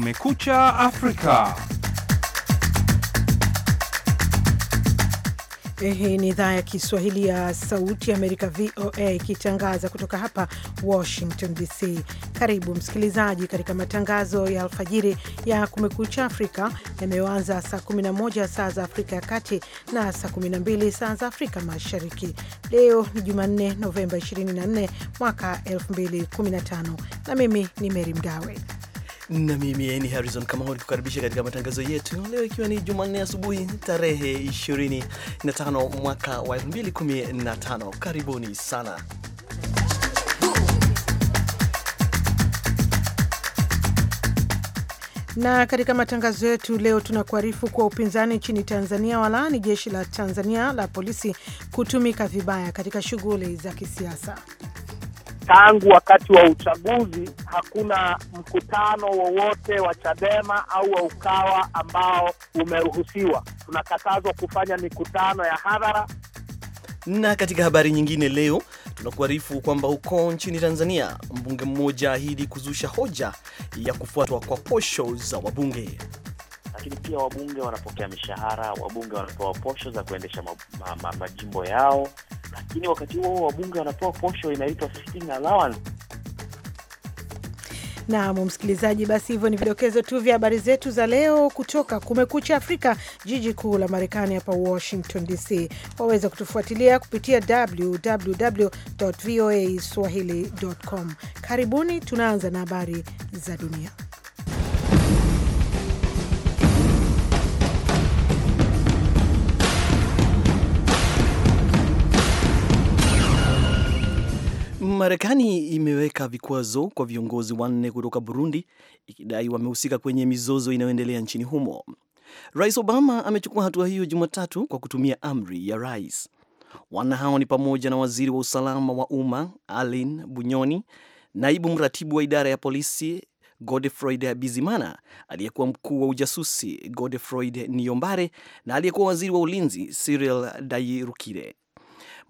Kumekucha Afrika. Hii ni idhaa ya Kiswahili ya Sauti ya Amerika, VOA, ikitangaza kutoka hapa Washington DC. Karibu msikilizaji katika matangazo ya alfajiri ya Kumekucha Afrika yanayoanza saa 11 saa za Afrika ya Kati na saa 12 saa za Afrika Mashariki. Leo ni Jumanne, Novemba 24 mwaka 2015, na mimi ni Meri Mgawe na mimi ni Harrison Kamau nikukaribisha katika matangazo yetu leo, ikiwa ni Jumanne asubuhi tarehe 25 mwaka wa 2015. Karibuni sana. na katika matangazo yetu leo tunakuarifu kuwa upinzani nchini Tanzania walaani jeshi la Tanzania la polisi kutumika vibaya katika shughuli za kisiasa tangu wakati wa uchaguzi hakuna mkutano wowote wa Chadema au wa Ukawa ambao umeruhusiwa. Tunakatazwa kufanya mikutano ya hadhara. Na katika habari nyingine leo tunakuarifu kwamba huko nchini Tanzania mbunge mmoja ahidi kuzusha hoja ya kufuatwa kwa posho za wabunge lakini pia wabunge wanapokea mishahara, wabunge wanapewa posho za kuendesha ma, ma, ma, majimbo yao lakini wakati huo wabunge wanatoa posho inaitwa sitting allowance. Naam, msikilizaji, basi hivyo ni vidokezo tu vya habari zetu za leo kutoka Kumekucha Afrika, jiji kuu la Marekani hapa Washington DC. Waweza kutufuatilia kupitia swahilicom Karibuni, tunaanza na habari za dunia. Marekani imeweka vikwazo kwa viongozi wanne kutoka Burundi ikidai wamehusika kwenye mizozo inayoendelea nchini humo. Rais Obama amechukua hatua hiyo Jumatatu kwa kutumia amri ya rais. Wana hao ni pamoja na waziri wa usalama wa umma alin Bunyoni, naibu mratibu wa idara ya polisi Godefroid Bizimana, aliyekuwa mkuu wa ujasusi Godefroid Niyombare na aliyekuwa waziri wa ulinzi Cyril Dayirukire.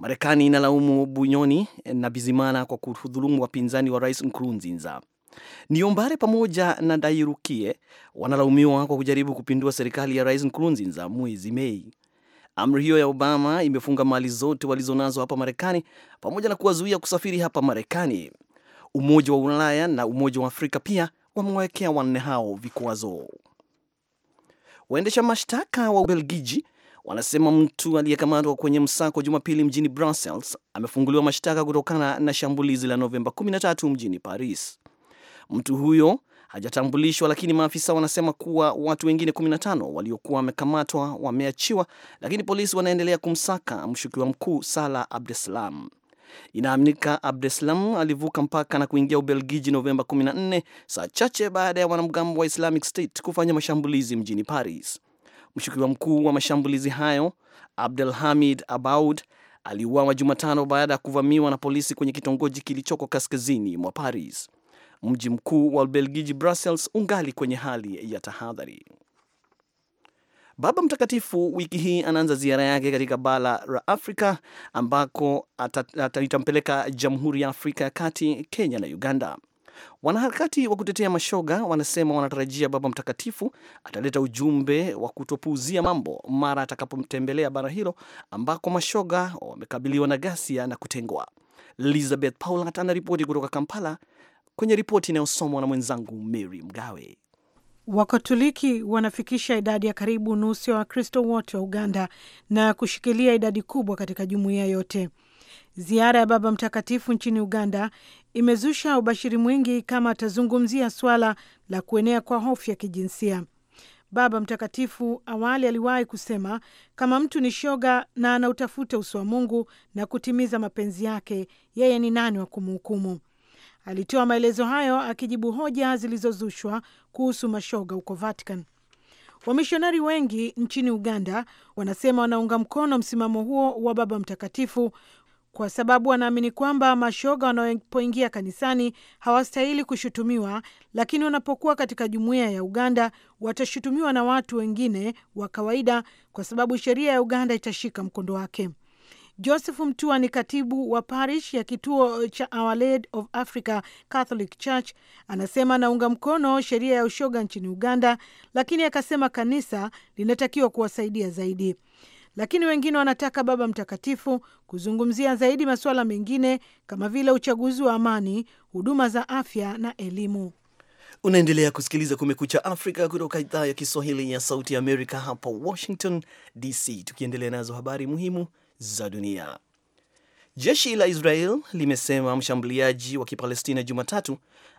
Marekani inalaumu Bunyoni na Bizimana kwa kuhudhulumu wapinzani wa rais Nkurunziza. Niombare pamoja na Dairukie wanalaumiwa kwa kujaribu kupindua serikali ya rais Nkurunziza mwezi Mei. Amri hiyo ya Obama imefunga mali zote walizonazo hapa Marekani pamoja na kuwazuia kusafiri hapa Marekani. Umoja wa Ulaya na Umoja wa Afrika pia wamewawekea wanne hao vikwazo. Waendesha mashtaka wa Ubelgiji wanasema mtu aliyekamatwa kwenye msako Jumapili mjini Brussels amefunguliwa mashtaka kutokana na shambulizi la Novemba 13 mjini Paris. Mtu huyo hajatambulishwa, lakini maafisa wanasema kuwa watu wengine 15 waliokuwa wamekamatwa wameachiwa, lakini polisi wanaendelea kumsaka mshukiwa mkuu Sala Abdeslam. Inaaminika Abdeslam alivuka mpaka na kuingia Ubelgiji Novemba 14 saa chache baada ya wanamgambo wa Islamic State kufanya mashambulizi mjini Paris. Mshukiwa mkuu wa mashambulizi hayo Abdul Hamid Abaud aliuawa Jumatano baada ya kuvamiwa na polisi kwenye kitongoji kilichoko kaskazini mwa Paris. Mji mkuu wa Ubelgiji, Brussels, ungali kwenye hali ya tahadhari. Baba Mtakatifu wiki hii anaanza ziara yake katika bara la Afrika ambako itampeleka Jamhuri ya Afrika ya Kati, Kenya na Uganda. Wanaharakati wa kutetea mashoga wanasema wanatarajia Baba Mtakatifu ataleta ujumbe wa kutopuuzia mambo mara atakapomtembelea bara hilo ambako mashoga wamekabiliwa na ghasia na kutengwa. Elizabeth Paulat anaripoti kutoka Kampala, kwenye ripoti inayosomwa na mwenzangu Mary Mgawe. Wakatoliki wanafikisha idadi ya karibu nusu ya Wakristo wote wa Uganda na kushikilia idadi kubwa katika jumuiya yote. Ziara ya Baba Mtakatifu nchini Uganda imezusha ubashiri mwingi kama atazungumzia swala la kuenea kwa hofu ya kijinsia. Baba Mtakatifu awali aliwahi kusema kama mtu ni shoga na anautafuta uso wa Mungu na kutimiza mapenzi yake, yeye ni nani wa kumhukumu? Alitoa maelezo hayo akijibu hoja zilizozushwa kuhusu mashoga huko Vatican. Wamishonari wengi nchini Uganda wanasema wanaunga mkono msimamo huo wa Baba Mtakatifu kwa sababu wanaamini kwamba mashoga wanapoingia kanisani hawastahili kushutumiwa, lakini wanapokuwa katika jumuiya ya Uganda watashutumiwa na watu wengine wa kawaida, kwa sababu sheria ya Uganda itashika mkondo wake. Joseph Mtua ni katibu wa parish ya kituo cha Our Lady of Africa Catholic Church. Anasema anaunga mkono sheria ya ushoga nchini Uganda, lakini akasema kanisa linatakiwa kuwasaidia zaidi lakini wengine wanataka Baba Mtakatifu kuzungumzia zaidi masuala mengine kama vile uchaguzi wa amani, huduma za afya na elimu. Unaendelea kusikiliza Kumekucha Afrika kutoka idhaa ya Kiswahili ya Sauti ya Amerika, hapa Washington DC, tukiendelea nazo habari muhimu za dunia. Jeshi la Israel limesema mshambuliaji wa Kipalestina Jumatatu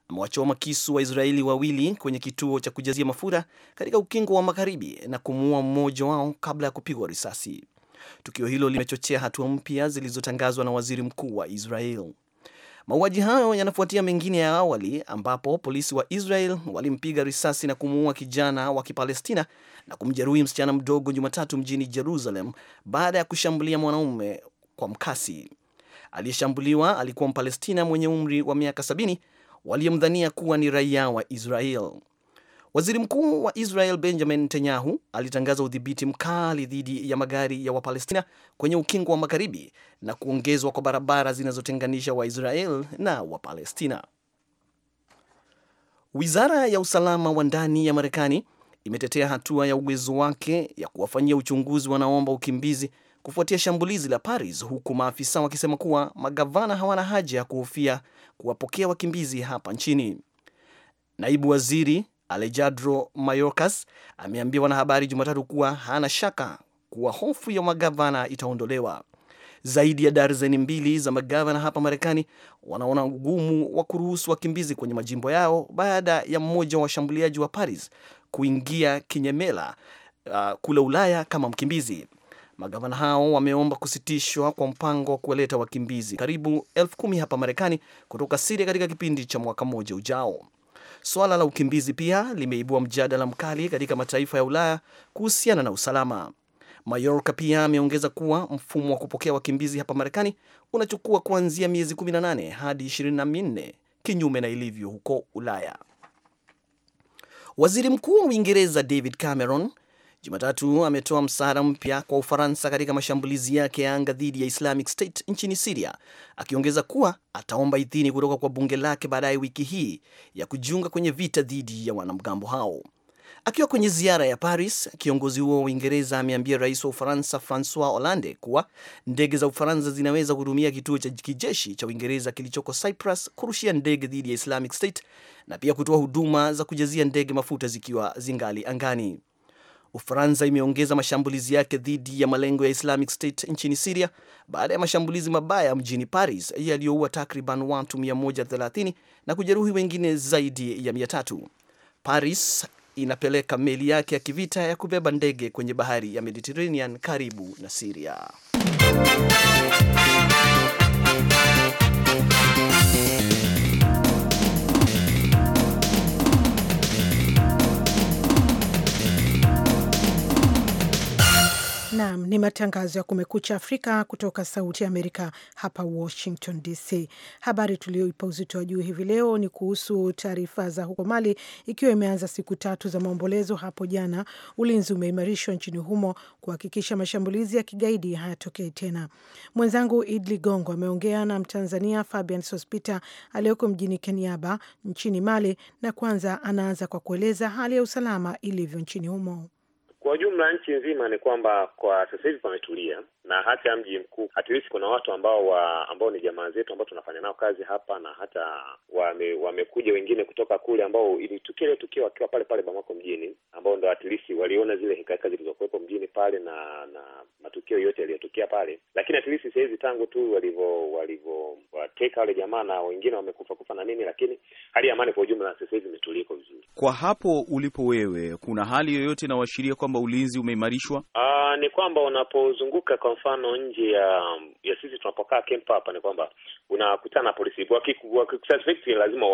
amewachoma kisu Waisraeli wawili kwenye kituo cha kujazia mafuta katika ukingo wa Magharibi na kumuua mmoja wao kabla ya kupigwa risasi. Tukio hilo limechochea hatua mpya zilizotangazwa na waziri mkuu wa Israel. Mauaji hayo yanafuatia mengine ya awali ambapo polisi wa Israel walimpiga risasi na kumuua kijana wa Kipalestina na kumjeruhi msichana mdogo Jumatatu mjini Jerusalem baada ya kushambulia mwanaume kwa mkasi aliyeshambuliwa alikuwa Mpalestina mwenye umri wa miaka sb0 waliyemdhania kuwa ni raia wa Israel. Waziri mkuu wa Israel Benjamin Netanyahu alitangaza udhibiti mkali dhidi ya magari ya Wapalestina kwenye ukingo wa Magharibi na kuongezwa kwa barabara zinazotenganisha Waisrael na Wapalestina. Wizara ya usalama wa ndani ya Marekani imetetea hatua ya uwezo wake ya kuwafanyia uchunguzi wanaomba ukimbizi kufuatia shambulizi la Paris, huku maafisa wakisema kuwa magavana hawana haja ya kuhofia kuwapokea wakimbizi hapa nchini. Naibu waziri Alejandro Mayorkas ameambia wanahabari Jumatatu kuwa hana shaka kuwa hofu ya magavana itaondolewa. Zaidi ya darzeni mbili za magavana hapa Marekani wanaona ugumu wa kuruhusu wakimbizi kwenye majimbo yao baada ya mmoja wa washambuliaji wa Paris kuingia kinyemela uh, kule Ulaya kama mkimbizi. Magavana hao wameomba kusitishwa kwa mpango wa kuwaleta wakimbizi karibu elfu kumi hapa Marekani kutoka Siria katika kipindi cha mwaka mmoja ujao. Swala la ukimbizi pia limeibua mjadala mkali katika mataifa ya Ulaya kuhusiana na usalama. Mayorka pia ameongeza kuwa mfumo wa kupokea wakimbizi hapa Marekani unachukua kuanzia miezi 18 hadi 24 kinyume na ilivyo huko Ulaya. Waziri Mkuu wa Uingereza David Cameron Jumatatu ametoa msaada mpya kwa Ufaransa katika mashambulizi yake ya anga dhidi ya Islamic State nchini Siria, akiongeza kuwa ataomba idhini kutoka kwa bunge lake baadaye wiki hii ya kujiunga kwenye vita dhidi ya wanamgambo hao. Akiwa kwenye ziara ya Paris, kiongozi huo wa Uingereza ameambia rais wa Ufaransa Francois Hollande kuwa ndege za Ufaransa zinaweza kutumia kituo cha kijeshi cha Uingereza kilichoko Cyprus kurushia ndege dhidi ya Islamic State na pia kutoa huduma za kujazia ndege mafuta zikiwa zingali angani. Ufaransa imeongeza mashambulizi yake dhidi ya malengo ya Islamic State nchini Siria baada ya mashambulizi mabaya mjini Paris yaliyoua takriban watu 130 na kujeruhi wengine zaidi ya 300. Paris inapeleka meli yake ya kivita ya kubeba ndege kwenye bahari ya Mediterranean karibu na Siria. Naam, ni matangazo ya Kumekucha Afrika kutoka Sauti ya Amerika hapa Washington DC. Habari tuliyoipa uzito wa juu hivi leo ni kuhusu taarifa za huko Mali, ikiwa imeanza siku tatu za maombolezo hapo jana. Ulinzi umeimarishwa nchini humo kuhakikisha mashambulizi ya kigaidi hayatokee tena. Mwenzangu Id Ligongo ameongea na Mtanzania Fabian Sospita aliyoko mjini kenyaba nchini Mali, na kwanza anaanza kwa kueleza hali ya usalama ilivyo nchini humo. Kwa ujumla nchi nzima ni kwamba kwa sasa hivi pametulia, na hata mji mkuu at kuna watu ambao wa, ambao ni jamaa zetu ambao tunafanya nao kazi hapa na hata wame, wamekuja wengine kutoka kule ambao ili tukio ile tukio wakiwa pale pale Bamako mjini ambao ndo at least waliona zile hekaheka zilizokuwepo mjini pale na na matukio yote yaliyotokea pale, lakini at least tangu tu walivyo wateka wale jamaa na wengine wamekufa kufa na nini, lakini hali ya amani kwa ujumla sasa hivi imetulika vizuri. Kwa hapo ulipo wewe, kuna hali yoyote inayoashiria kwamba ulinzi umeimarishwa? Ah, ni kwamba unapozunguka kwa mfano nje ya ya sisi tunapokaa camp hapa ni kwamba unakutana na polisi, wakikususpect lazima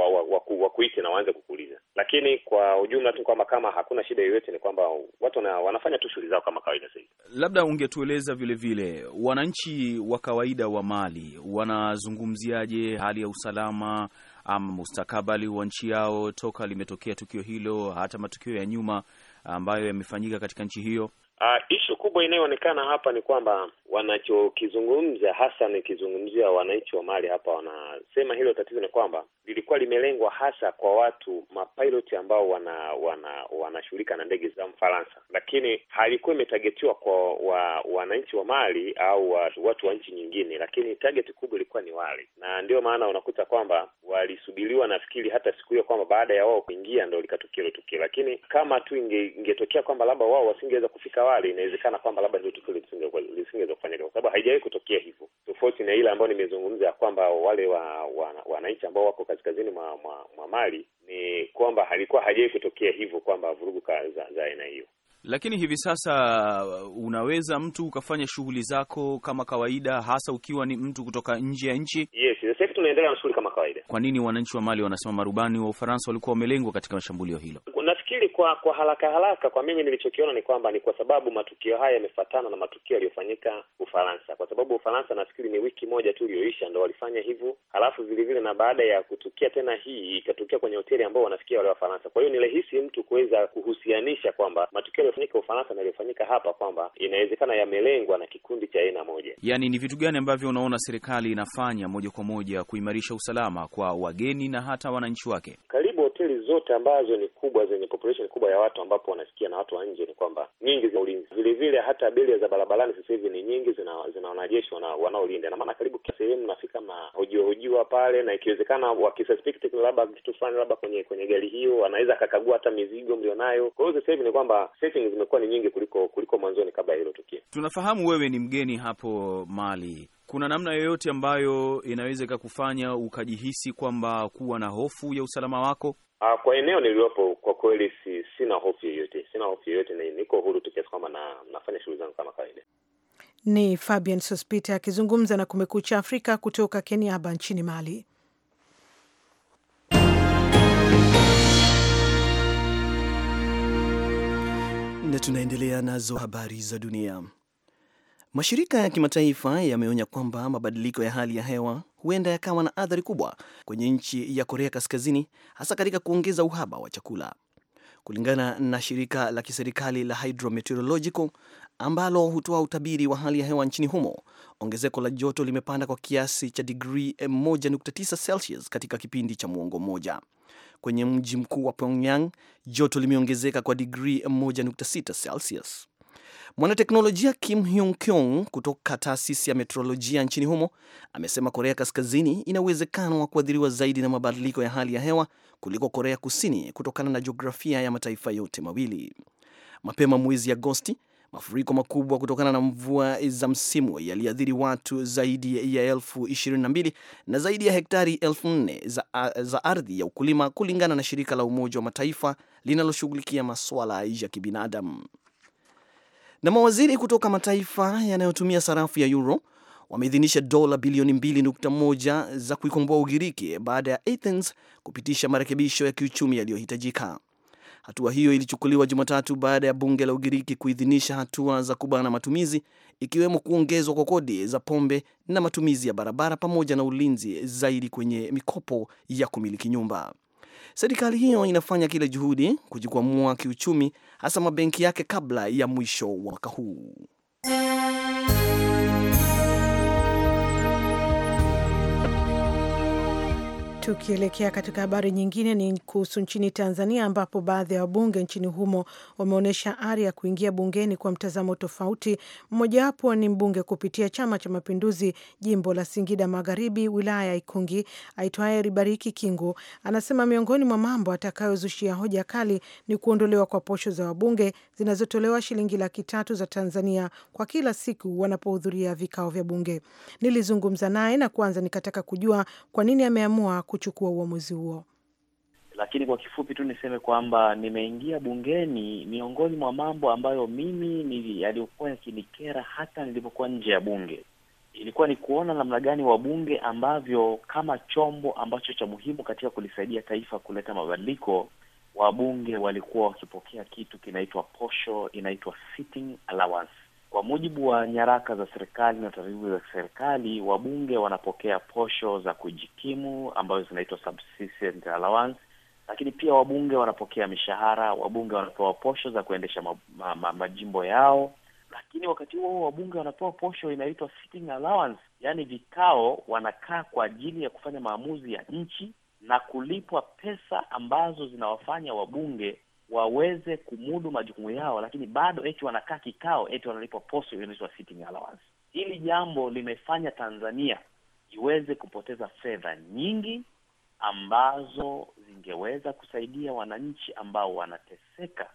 wakuite na waanze kukuuliza. Lakini kwa ujumla tu kwamba kama hakuna shida yoyote, ni kwamba watu na, wanafanya tu shughuli zao kama kawaida. Sasa labda ungetueleza vile vile wananchi wa kawaida wa Mali wanazungumziaje hali ya usalama ama mustakabali wa nchi yao toka limetokea tukio hilo, hata matukio ya nyuma ambayo yamefanyika katika nchi hiyo? Uh, ah, ishu kubwa inayoonekana hapa ni kwamba wanachokizungumza hasa, nikizungumzia wananchi wa Mali hapa, wanasema hilo tatizo ni kwamba lilikuwa limelengwa hasa kwa watu mapilot ambao wana wanashughulika na ndege za Mfaransa, lakini halikuwa imetagetiwa kwa wa, wananchi wa Mali au watu wa nchi nyingine, lakini target kubwa ilikuwa ni wale, na ndio maana unakuta kwamba walisubiriwa nafikiri hata siku hiyo kwamba baada ya wao kuingia ndo likatokea hilo tukio, lakini kama tu ingetokea inge kwamba labda wao wasingeweza kufika wale, inawezekana kwamba labda hilo tukio lisingeweza kufanyika, kwa sababu haijawahi kutokea hivyo, tofauti na ile ambayo nimezungumza ya kwamba wale wa, wa, wa ambao wako kaskazini mwa, mwa, mwa Mali ni kwamba halikuwa haijawahi kutokea hivyo kwamba vurugu za aina hiyo. Lakini hivi sasa uh, unaweza mtu ukafanya shughuli zako kama kawaida, hasa ukiwa ni mtu kutoka nje ya nchi? Yes, sasa hivi tunaendelea na shughuli kama kawaida. Kwa nini wananchi wa Mali wanasema marubani wa Ufaransa walikuwa wamelengwa katika shambulio hilo? kwa kwa haraka haraka, kwa mimi nilichokiona ni kwamba ni kwa sababu matukio haya yamefuatana na matukio yaliyofanyika Ufaransa, kwa sababu Ufaransa nafikiri ni wiki moja tu iliyoisha ndo walifanya hivyo, halafu vile vile na baada ya kutukia tena hii ikatukia kwenye hoteli ambao wanafikia wale Wafaransa. Kwa hiyo ni rahisi mtu kuweza kuhusianisha kwamba matukio yaliyofanyika Ufaransa na yaliyofanyika hapa kwamba inawezekana yamelengwa na kikundi cha aina moja. Yaani, ni vitu gani ambavyo unaona serikali inafanya moja kwa moja kuimarisha usalama kwa wageni na hata wananchi wake? Karibu hoteli zote ambazo ni kubwa zenye population idadi kubwa ya watu ambapo wanasikia na watu wa nje ni kwamba nyingi za ulinzi. Vile vile hata beria za barabarani sasa hivi ni nyingi, zina, zina wanajeshi wanaolinda, na maana karibu kila sehemu nafika mahojiwahojiwa pale, na ikiwezekana wakisuspect labda kitu fulani labda kwenye kwenye gari hiyo anaweza akakagua hata mizigo mlionayo. Kwa hiyo sasa hivi ni kwamba settings zimekuwa ni nyingi kuliko kuliko mwanzoni kabla ya hilo tukio. Tunafahamu wewe ni mgeni hapo Mali. Kuna namna yoyote ambayo inaweza ikakufanya ukajihisi kwamba kuwa na hofu ya usalama wako? Ah, kwa eneo niliyopo kwa kweli sina hofu yoyote, sina hofu yoyote, niko huru tu kiasi kwamba na, nafanya shughuli zangu kama kawaida. Ni Fabian Sospita akizungumza na Kumekucha Afrika kutoka Keniaba nchini Mali. Na tunaendelea nazo habari za dunia. Mashirika ya kimataifa yameonya kwamba mabadiliko ya hali ya hewa huenda yakawa na athari kubwa kwenye nchi ya Korea Kaskazini, hasa katika kuongeza uhaba wa chakula kulingana na shirika la kiserikali la Hydrometeorological ambalo hutoa utabiri wa hali ya hewa nchini humo. Ongezeko la joto limepanda kwa kiasi cha digrii 1.9 Celsius katika kipindi cha muongo mmoja. Kwenye mji mkuu wa Pyongyang joto limeongezeka kwa digrii 1.6 Celsius. Mwanateknolojia Kim Hyung Kyung kutoka taasisi ya meteorolojia nchini humo amesema Korea Kaskazini ina uwezekano wa kuathiriwa zaidi na mabadiliko ya hali ya hewa kuliko Korea Kusini kutokana na jiografia ya mataifa yote mawili. Mapema mwezi Agosti, mafuriko makubwa kutokana na mvua za msimu yaliathiri watu zaidi ya elfu 22 na zaidi ya hektari elfu 4 za, za ardhi ya ukulima kulingana na shirika la Umoja wa Mataifa linaloshughulikia masuala ya kibinadamu. Na mawaziri kutoka mataifa yanayotumia sarafu ya euro wameidhinisha dola bilioni 2.1 za kuikomboa Ugiriki baada ya Athens kupitisha marekebisho ya kiuchumi yaliyohitajika. Hatua hiyo ilichukuliwa Jumatatu baada ya bunge la Ugiriki kuidhinisha hatua za kubana matumizi, ikiwemo kuongezwa kwa kodi za pombe na matumizi ya barabara pamoja na ulinzi zaidi kwenye mikopo ya kumiliki nyumba. Serikali hiyo inafanya kila juhudi kujikwamua kiuchumi, hasa mabenki yake kabla ya mwisho wa mwaka huu. Tukielekea katika habari nyingine ni kuhusu nchini Tanzania ambapo baadhi ya wabunge nchini humo wameonyesha ari ya kuingia bungeni kwa mtazamo tofauti. Mmojawapo ni mbunge kupitia Chama cha Mapinduzi jimbo la Singida Magharibi, wilaya ya Ikungi, aitwaye Ribariki Kingu, anasema miongoni mwa mambo atakayozushia hoja kali ni kuondolewa kwa posho za wabunge zinazotolewa shilingi laki tatu za Tanzania kwa kila siku wanapohudhuria vikao vya bunge. Nilizungumza naye na kwanza nikataka kujua kwa nini ameamua kuchukua uamuzi huo. Lakini kwa kifupi tu niseme kwamba nimeingia bungeni, miongoni mwa mambo ambayo mimi yaliyokuwa yakinikera hata nilipokuwa nje ya bunge ilikuwa ni kuona namna gani wabunge ambavyo kama chombo ambacho cha muhimu katika kulisaidia taifa kuleta mabadiliko, wabunge walikuwa wakipokea kitu kinaitwa posho, inaitwa sitting allowance. Kwa mujibu wa nyaraka za serikali na taratibu za serikali, wabunge wanapokea posho za kujikimu ambazo zinaitwa allowance, lakini pia wabunge wanapokea mishahara. Wabunge wanapewa posho za kuendesha ma, ma, ma, majimbo yao, lakini wakati huo wabunge wanapewa posho inaitwa sitting allowance, yaani vikao wanakaa kwa ajili ya kufanya maamuzi ya nchi na kulipwa pesa ambazo zinawafanya wabunge waweze kumudu majukumu yao, lakini bado eti wanakaa kikao, eti wanalipwa posho inaitwa sitting allowance. Hili jambo limefanya Tanzania iweze kupoteza fedha nyingi ambazo zingeweza kusaidia wananchi ambao wanateseka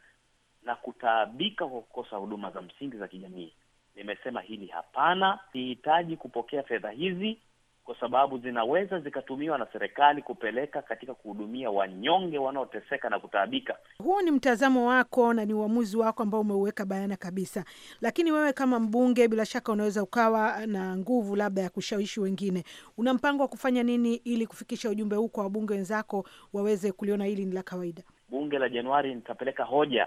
na kutaabika kwa kukosa huduma za msingi za kijamii. Nimesema hili hapana, sihitaji kupokea fedha hizi kwa sababu zinaweza zikatumiwa na serikali kupeleka katika kuhudumia wanyonge wanaoteseka na kutaabika. Huu ni mtazamo wako na ni uamuzi wako ambao umeuweka bayana kabisa, lakini wewe kama mbunge, bila shaka unaweza ukawa na nguvu labda ya kushawishi wengine. Una mpango wa kufanya nini ili kufikisha ujumbe huu kwa wabunge wenzako waweze kuliona hili ni la kawaida? Bunge la Januari nitapeleka hoja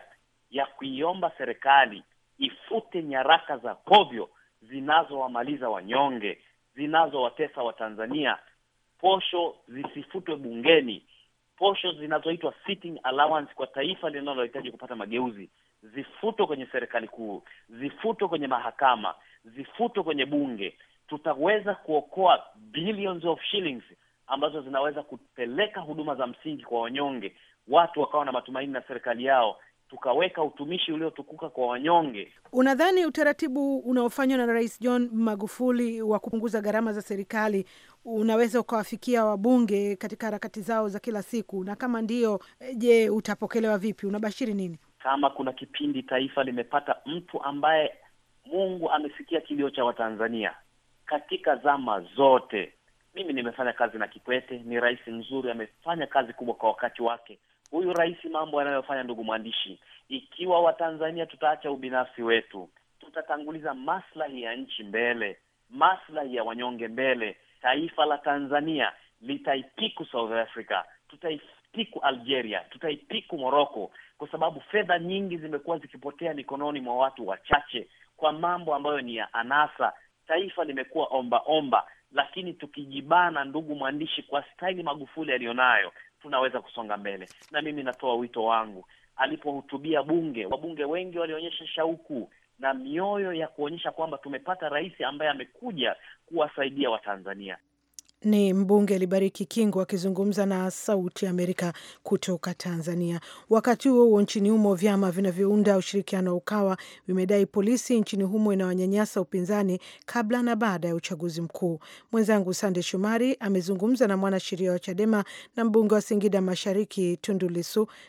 ya kuiomba serikali ifute nyaraka za kovyo zinazowamaliza wanyonge zinazowatesa Watanzania, posho zisifutwe bungeni, posho zinazoitwa sitting allowance kwa taifa linalohitaji kupata mageuzi zifutwe kwenye serikali kuu, zifutwe kwenye mahakama, zifutwe kwenye bunge. Tutaweza kuokoa billions of shillings ambazo zinaweza kupeleka huduma za msingi kwa wanyonge, watu wakawa na matumaini na serikali yao tukaweka utumishi uliotukuka kwa wanyonge. Unadhani utaratibu unaofanywa na Rais John Magufuli wa kupunguza gharama za serikali unaweza ukawafikia wabunge katika harakati zao za kila siku? Na kama ndiyo, je, utapokelewa vipi? Unabashiri nini? Kama kuna kipindi taifa limepata mtu ambaye Mungu amesikia kilio cha Watanzania katika zama zote. Mimi nimefanya kazi na Kikwete, ni rais mzuri, amefanya kazi kubwa kwa wakati wake huyu rais mambo yanayofanya ndugu mwandishi, ikiwa Watanzania tutaacha ubinafsi wetu, tutatanguliza maslahi ya nchi mbele, maslahi ya wanyonge mbele, taifa la Tanzania litaipiku South Africa, tutaipiku Algeria, tutaipiku moroko kwa sababu fedha nyingi zimekuwa zikipotea mikononi mwa watu wachache kwa mambo ambayo ni ya anasa. Taifa limekuwa omba omba, lakini tukijibana, ndugu mwandishi, kwa staili Magufuli aliyonayo, tunaweza kusonga mbele. Na mimi natoa wito wangu, alipohutubia bunge, wabunge wengi walionyesha shauku na mioyo ya kuonyesha kwamba tumepata rais ambaye amekuja kuwasaidia Watanzania. Ni mbunge Libariki kingo akizungumza na Sauti ya Amerika kutoka Tanzania. Wakati huo huo, nchini humo vyama vinavyounda ushirikiano wa Ukawa vimedai polisi nchini humo inawanyanyasa upinzani kabla na baada ya uchaguzi mkuu. Mwenzangu Sande Shomari amezungumza na mwanasheria wa Chadema na mbunge wa Singida Mashariki Tundu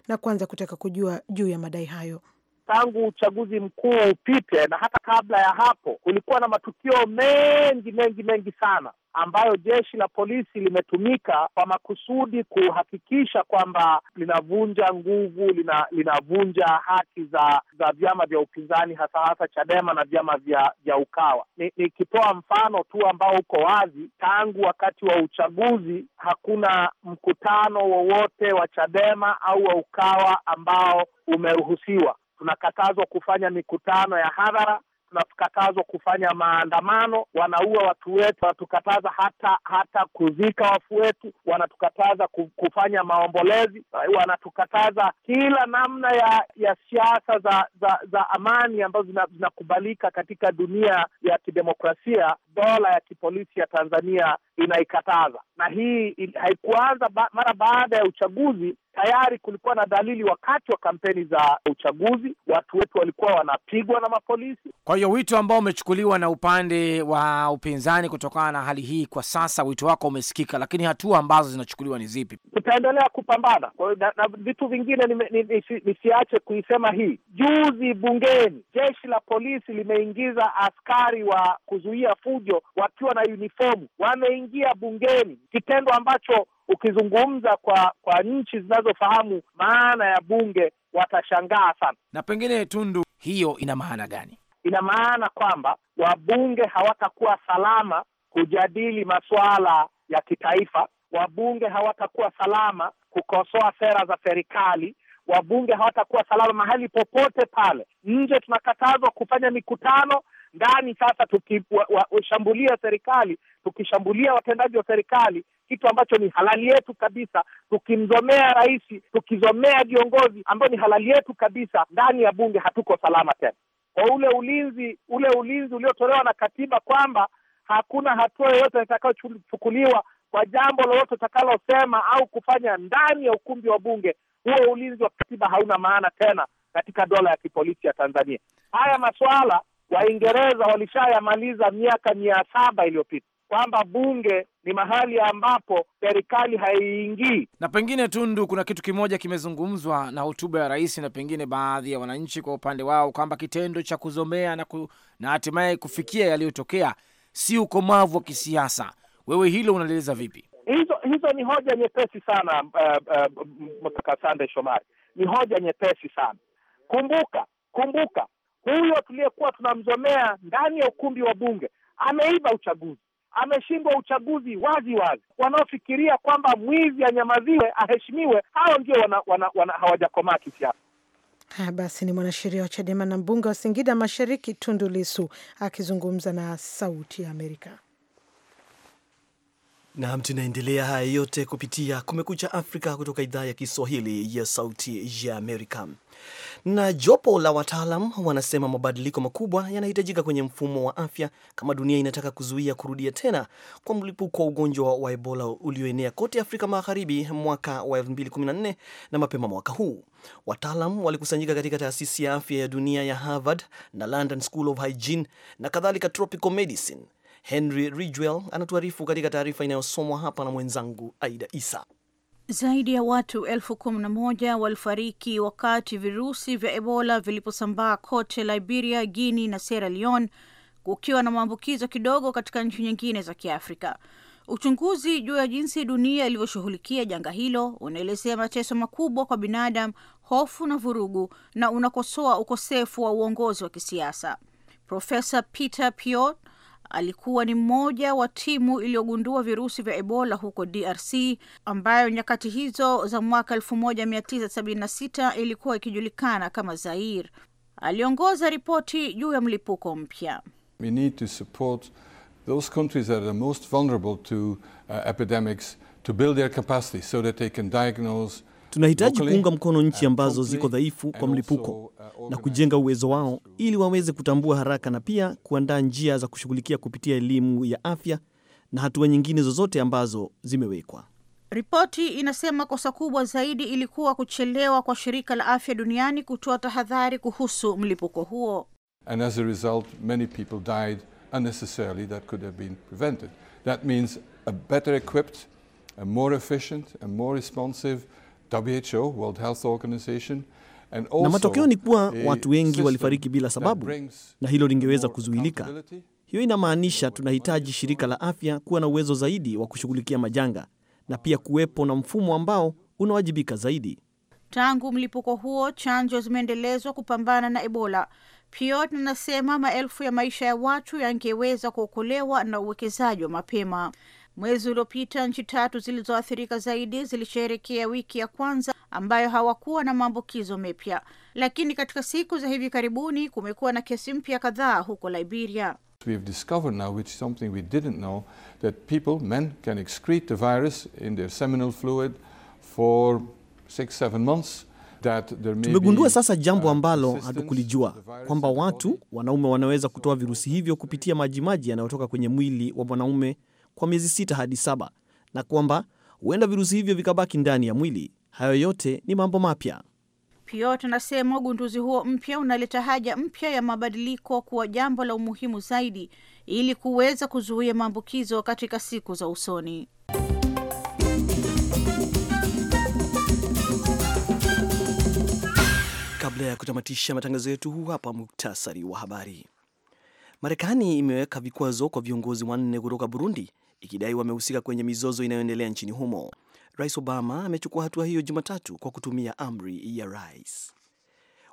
na kwanza kutaka kujua juu ya madai hayo. Tangu uchaguzi mkuu upite na hata kabla ya hapo, kulikuwa na matukio mengi mengi mengi sana ambayo jeshi la polisi limetumika kwa makusudi kuhakikisha kwamba linavunja nguvu, lina, linavunja haki za za vyama vya upinzani hasa hasa Chadema na vyama vya, vya Ukawa. Nikitoa ni mfano tu ambao uko wazi, tangu wakati wa uchaguzi hakuna mkutano wowote wa Chadema au wa Ukawa ambao umeruhusiwa. Tunakatazwa kufanya mikutano ya hadhara, tunatukatazwa kufanya maandamano, wanaua watu wetu, wanatukataza hata hata kuzika wafu wetu, wanatukataza kufanya maombolezi, wanatukataza kila namna ya ya siasa za, za za amani ambazo zinakubalika katika dunia ya kidemokrasia. Dola ya kipolisi ya Tanzania inaikataza, na hii haikuanza ba, mara baada ya uchaguzi. Tayari kulikuwa na dalili wakati wa kampeni za uchaguzi, watu wetu walikuwa wanapigwa na mapolisi. Kwa hiyo wito ambao umechukuliwa na upande wa upinzani kutokana na hali hii, kwa sasa wito wako umesikika, lakini hatua ambazo zinachukuliwa ni zipi? Tutaendelea kupambana kwa na, na vitu vingine nisiache kuisema hii. Juzi bungeni, jeshi la polisi limeingiza askari wa kuzuia fujo wakiwa na uniformu wame kuingia bungeni, kitendo ambacho ukizungumza kwa kwa nchi zinazofahamu maana ya bunge watashangaa sana. Na pengine, Tundu, hiyo ina maana gani? Ina maana kwamba wabunge hawatakuwa salama kujadili masuala ya kitaifa, wabunge hawatakuwa salama kukosoa sera za serikali, wabunge hawatakuwa salama mahali popote pale. Nje tunakatazwa kufanya mikutano, ndani sasa tukishambulia serikali tukishambulia watendaji wa serikali, kitu ambacho ni halali yetu kabisa, tukimzomea rais, tukizomea viongozi ambayo ni halali yetu kabisa, ndani ya bunge hatuko salama tena, kwa ule ulinzi ule ulinzi uliotolewa na katiba kwamba hakuna hatua yoyote itakayochukuliwa kwa jambo lolote utakalosema au kufanya ndani ya ukumbi wa bunge. Huo ulinzi wa katiba hauna maana tena katika dola ya kipolisi ya Tanzania. Haya masuala Waingereza walishayamaliza miaka mia saba iliyopita kwamba bunge ni mahali ambapo serikali haiingii. Na pengine Tundu, kuna kitu kimoja kimezungumzwa na hotuba ya rais na pengine baadhi ya wananchi kwa upande wao kwamba kitendo cha kuzomea na, ku, na hatimaye kufikia yaliyotokea si ukomavu wa kisiasa. Wewe hilo unaleleza vipi? Hizo hizo ni hoja nyepesi sana uh, eh, uh, eh, Sande Shomari, ni hoja nyepesi sana. Kumbuka, kumbuka huyo tuliyekuwa tunamzomea ndani ya ukumbi wa bunge ameiba uchaguzi ameshindwa uchaguzi wazi wazi. Wanaofikiria kwamba mwizi anyamaziwe, aheshimiwe, hao ndio wana, wana, wana, hawajakomaa kisiasa. Ha, basi ni mwanasheria wa Chadema na mbunge wa Singida Mashariki Tundu Lisu akizungumza na Sauti ya Amerika. Nam, tunaendelea haya yote kupitia Kumekucha Afrika kutoka idhaa ya Kiswahili ya Sauti ya Amerika. Na jopo la wataalam wanasema mabadiliko makubwa yanahitajika kwenye mfumo wa afya kama dunia inataka kuzuia kurudia tena kwa mlipuko wa ugonjwa wa Ebola ulioenea kote Afrika Magharibi mwaka wa 2014 na mapema mwaka huu. Wataalam walikusanyika katika taasisi ya afya ya dunia ya Harvard na London School of Hygiene na kadhalika Tropical Medicine Henry Ridgwell anatuarifu katika taarifa inayosomwa hapa na mwenzangu Aida Isa. Zaidi ya watu elfu kumi na moja walifariki wakati virusi vya Ebola viliposambaa kote Liberia, Guinea na Sierra Leone, kukiwa na maambukizo kidogo katika nchi nyingine za Kiafrika. Uchunguzi juu ya jinsi dunia ilivyoshughulikia janga hilo unaelezea mateso makubwa kwa binadamu, hofu na vurugu, na unakosoa ukosefu wa uongozi wa kisiasa. Profesa Peter Piot alikuwa ni mmoja wa timu iliyogundua virusi vya Ebola huko DRC ambayo nyakati hizo za mwaka 1976 ilikuwa ikijulikana kama zair Aliongoza ripoti juu ya mlipuko mpya. We need to support those countries that are most vulnerable to uh, epidemics to build their capacity so that they can diagnose Tunahitaji kuunga mkono nchi ambazo ziko dhaifu kwa mlipuko uh, na kujenga uwezo wao ili waweze kutambua haraka na pia kuandaa njia za kushughulikia kupitia elimu ya afya na hatua nyingine zozote ambazo zimewekwa. Ripoti inasema kosa kubwa zaidi ilikuwa kuchelewa kwa shirika la afya duniani kutoa tahadhari kuhusu mlipuko huo. And as a result, many people died unnecessarily that could have been prevented. That means a better equipped, a more efficient, a more responsive WHO, World Health Organization, and also na matokeo ni kuwa watu wengi walifariki bila sababu, na hilo lingeweza kuzuilika. Hiyo inamaanisha tunahitaji shirika la afya kuwa na uwezo zaidi wa kushughulikia majanga na pia kuwepo na mfumo ambao unawajibika zaidi. Tangu mlipuko huo, chanjo zimeendelezwa kupambana na Ebola. Piot anasema maelfu ya maisha ya watu yangeweza kuokolewa na uwekezaji wa mapema. Mwezi uliopita nchi tatu zilizoathirika zaidi zilisheherekea wiki ya kwanza ambayo hawakuwa na maambukizo mapya, lakini katika siku za hivi karibuni kumekuwa na kesi mpya kadhaa huko Liberia. discovered now, which is something we didn't know, that people, men, can excrete the virus in their seminal fluid for six, seven months. Tumegundua sasa jambo uh, ambalo hatukulijua kwamba watu wanaume wanaweza kutoa virusi hivyo kupitia majimaji yanayotoka kwenye mwili wa mwanaume kwa miezi sita hadi saba na kwamba huenda virusi hivyo vikabaki ndani ya mwili. Hayo yote ni mambo mapya. Piot anasema ugunduzi huo mpya unaleta haja mpya ya mabadiliko kuwa jambo la umuhimu zaidi ili kuweza kuzuia maambukizo katika siku za usoni. Kabla ya kutamatisha matangazo yetu, huu hapa muktasari wa habari. Marekani imeweka vikwazo kwa viongozi wanne kutoka Burundi ikidai wamehusika kwenye mizozo inayoendelea nchini humo. Rais Obama amechukua hatua hiyo Jumatatu kwa kutumia amri ya rais.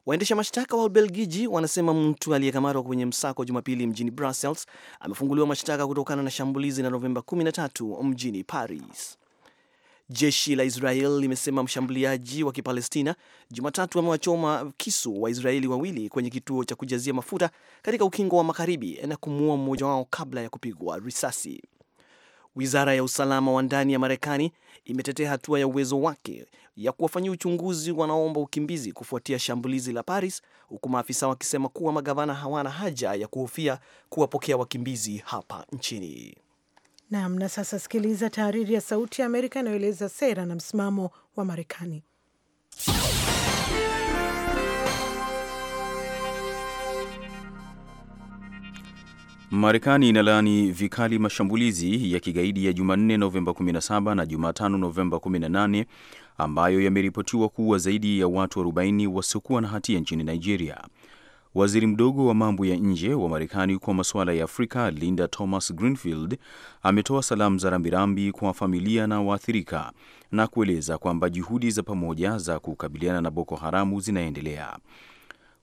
Waendesha mashtaka wa Ubelgiji wanasema mtu aliyekamatwa kwenye msako Jumapili mjini Brussels amefunguliwa mashtaka kutokana na shambulizi la Novemba 13 mjini Paris. Jeshi la Israel limesema mshambuliaji wa Kipalestina Jumatatu amewachoma kisu Waisraeli wawili kwenye kituo cha kujazia mafuta katika ukingo wa Magharibi na kumuua mmoja wao kabla ya kupigwa risasi. Wizara ya usalama wa ndani ya Marekani imetetea hatua ya uwezo wake ya kuwafanyia uchunguzi wanaoomba ukimbizi kufuatia shambulizi la Paris, huku maafisa wakisema kuwa magavana hawana haja ya kuhofia kuwapokea wakimbizi hapa nchini. Naam, na sasa sikiliza tahariri ya Sauti ya Amerika inayoeleza sera na msimamo wa Marekani. Marekani inalaani vikali mashambulizi ya kigaidi ya Jumanne Novemba 17 na Jumatano Novemba 18 ambayo yameripotiwa kuwa zaidi ya watu 40 wasiokuwa na hatia nchini Nigeria. Waziri mdogo wa mambo ya nje wa Marekani kwa masuala ya Afrika, Linda Thomas Greenfield, ametoa salamu za rambirambi kwa familia na waathirika na kueleza kwamba juhudi za pamoja za kukabiliana na Boko Haramu zinaendelea.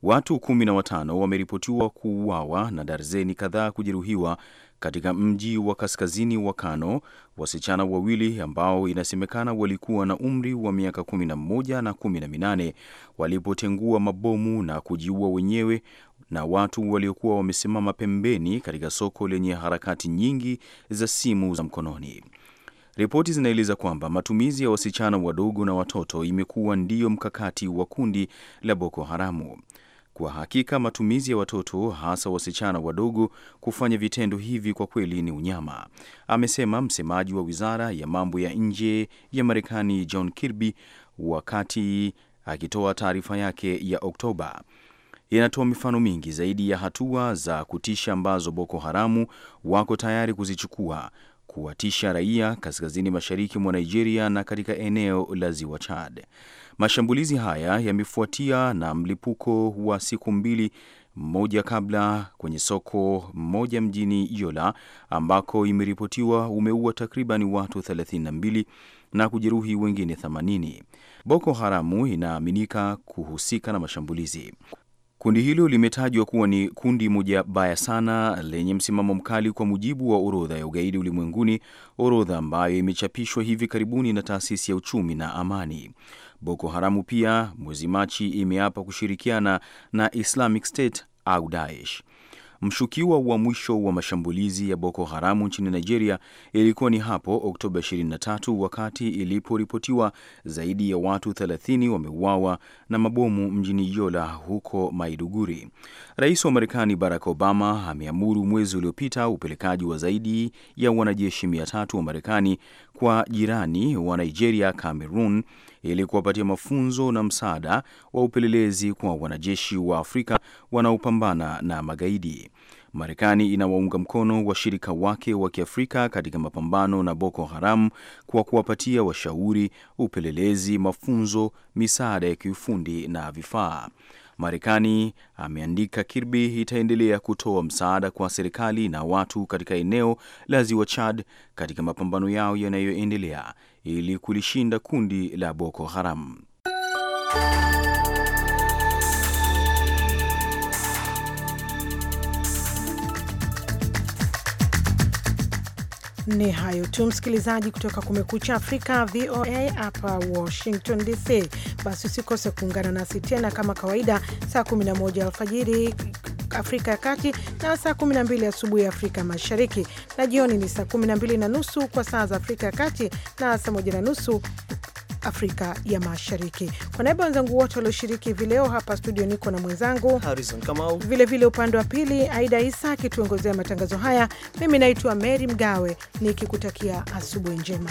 Watu kumi na watano wameripotiwa kuuawa na darzeni kadhaa kujeruhiwa katika mji wa kaskazini wa Kano. Wasichana wawili ambao inasemekana walikuwa na umri wa miaka kumi na minane walipotengua mabomu na kujiua wenyewe na watu waliokuwa wamesimama pembeni katika soko lenye harakati nyingi za simu za mkononi. Ripoti zinaeleza kwamba matumizi ya wasichana wadogo na watoto imekuwa ndiyo mkakati wa kundi la Boko Haramu. Kwa hakika matumizi ya watoto hasa wasichana wadogo kufanya vitendo hivi kwa kweli ni unyama, amesema msemaji wa wizara ya mambo ya nje ya Marekani John Kirby wakati akitoa taarifa yake ya Oktoba. Inatoa mifano mingi zaidi ya hatua za kutisha ambazo Boko Haramu wako tayari kuzichukua kuwatisha raia kaskazini mashariki mwa Nigeria na katika eneo la ziwa Chad. Mashambulizi haya yamefuatia na mlipuko wa siku mbili mmoja kabla kwenye soko mmoja mjini Yola ambako imeripotiwa umeua takriban watu 32 na kujeruhi wengine 80. Boko Haramu inaaminika kuhusika na mashambulizi. Kundi hilo limetajwa kuwa ni kundi moja baya sana lenye msimamo mkali kwa mujibu wa orodha ya ugaidi ulimwenguni, orodha ambayo imechapishwa hivi karibuni na taasisi ya uchumi na amani. Boko Haramu pia mwezi Machi imeapa kushirikiana na Islamic State au Daesh. Mshukiwa wa mwisho wa mashambulizi ya Boko Haramu nchini Nigeria ilikuwa ni hapo Oktoba 23 wakati iliporipotiwa zaidi ya watu 30 wameuawa na mabomu mjini Yola huko Maiduguri. Rais wa Marekani Barack Obama ameamuru mwezi uliopita upelekaji wa zaidi ya wanajeshi 300 wa Marekani kwa jirani wa Nigeria, Cameroon, ili kuwapatia mafunzo na msaada wa upelelezi kwa wanajeshi wa Afrika wanaopambana na magaidi. Marekani inawaunga mkono washirika wake wa Kiafrika katika mapambano na Boko Haram kwa kuwapatia washauri, upelelezi, mafunzo, misaada ya kiufundi na vifaa. Marekani, ameandika Kirby itaendelea kutoa msaada kwa serikali na watu katika eneo la ziwa Chad katika mapambano yao yanayoendelea ili kulishinda kundi la Boko Haram. Ni hayo tu msikilizaji, kutoka Kumekucha Afrika VOA hapa Washington DC. Basi usikose kuungana nasi tena kama kawaida saa 11 alfajiri Afrika ya Kati na saa 12 asubuhi Afrika Mashariki, na jioni ni saa 12 na nusu kwa saa za Afrika ya Kati na saa 1 na nusu Afrika ya Mashariki. Kwa niaba wenzangu wote walioshiriki hivi leo hapa studio, niko na mwenzangu Harrison Kamau, vilevile upande wa pili Aida Isa akituongozea matangazo haya. Mimi naitwa Mary Mgawe nikikutakia asubuhi njema.